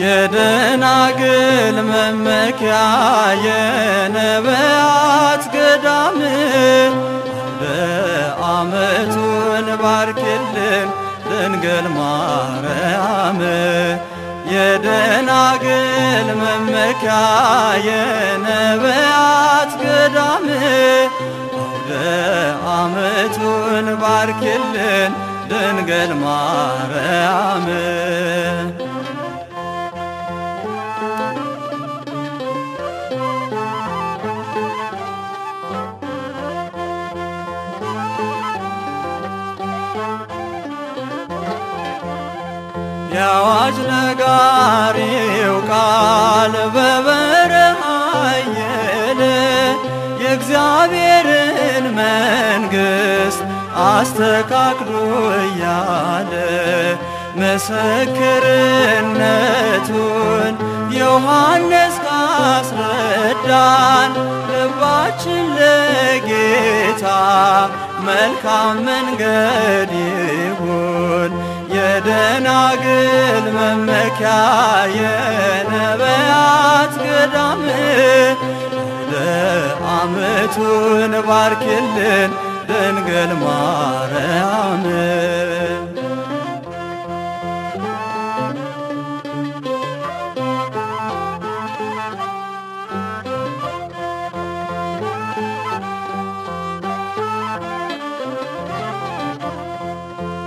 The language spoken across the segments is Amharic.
የደናግል መመኪያ የነቢያት ገዳም አውደ ዓመቱን ባርክልን ድንግል ማርያም የደናግል መመኪያ የነቢያት ገዳም አውደ ዓመቱን ባርክልን ድንግል ማርያም የአዋጅ ነጋሪው ቃል በበረሃ አየለ የእግዚአብሔርን መንግሥት አስተካክሎ እያለ ምስክርነቱን ዮሐንስ ካስረዳን ልባችን ለጌታ መልካም መንገድ ይሁን። የደናግል መመኪያ የነበያት ገዳም ለአመቱን ባርኪልን ድንግል ማርያም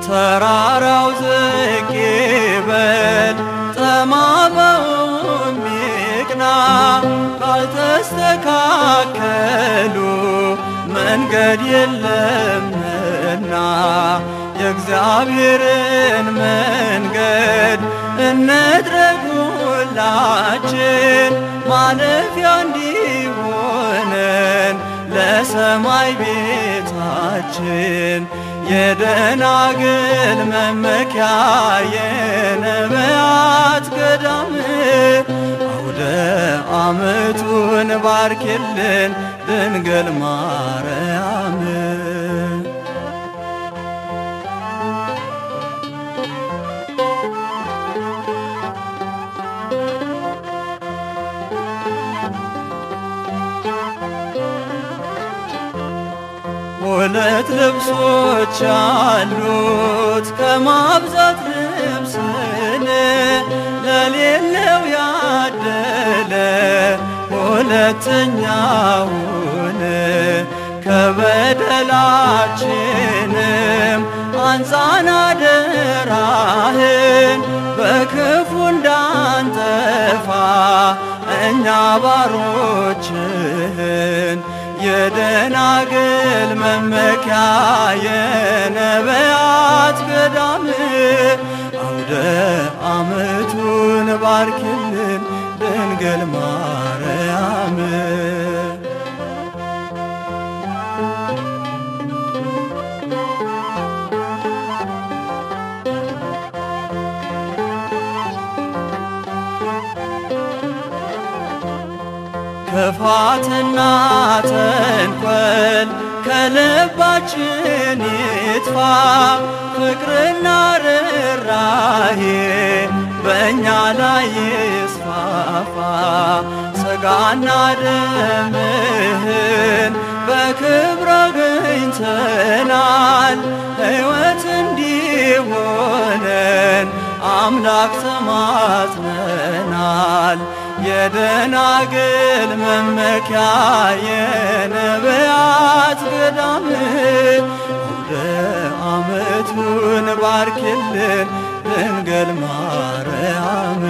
ተራራው ዝቅ ይበል ጠማማውም ይቅና፣ ካልተስተካከሉ መንገድ የለምና የእግዚአብሔርን መንገድ እንድረግ ሁላችን ማለፊያ እንዲ ሰማይ ቤታችን የደናግል መመኪያ የነቢያት ገዳም አውደ ዓመቱን ባርኪልን ድንግል ማርያምን ሁለት ልብሶች አሉት ከማብዛት ልብስን ለሌለው ያደለ ሁለተኛውን ከበደላችንም አንፃና ደራህን በክፉ እንዳንጠፋ እኛ ባሮችን የደናግል መመኪያ የነቢያት ገዳም አውደ ዓመቱን ባርኪልን ድንግል ማርያም ክፋትና ከልባችን ይጥፋ ፍቅርና ርኅራኄ በእኛ ላይ ይስፋፋ ስጋና ደምህን በክብር አግኝተናል ሕይወት እንዲሆነን አምላክ ተማጽነናል። የደናግል መመኪያ የነቢያት ገዳም ወደ ዓመቱን ባርክልን ድንግል ማርያም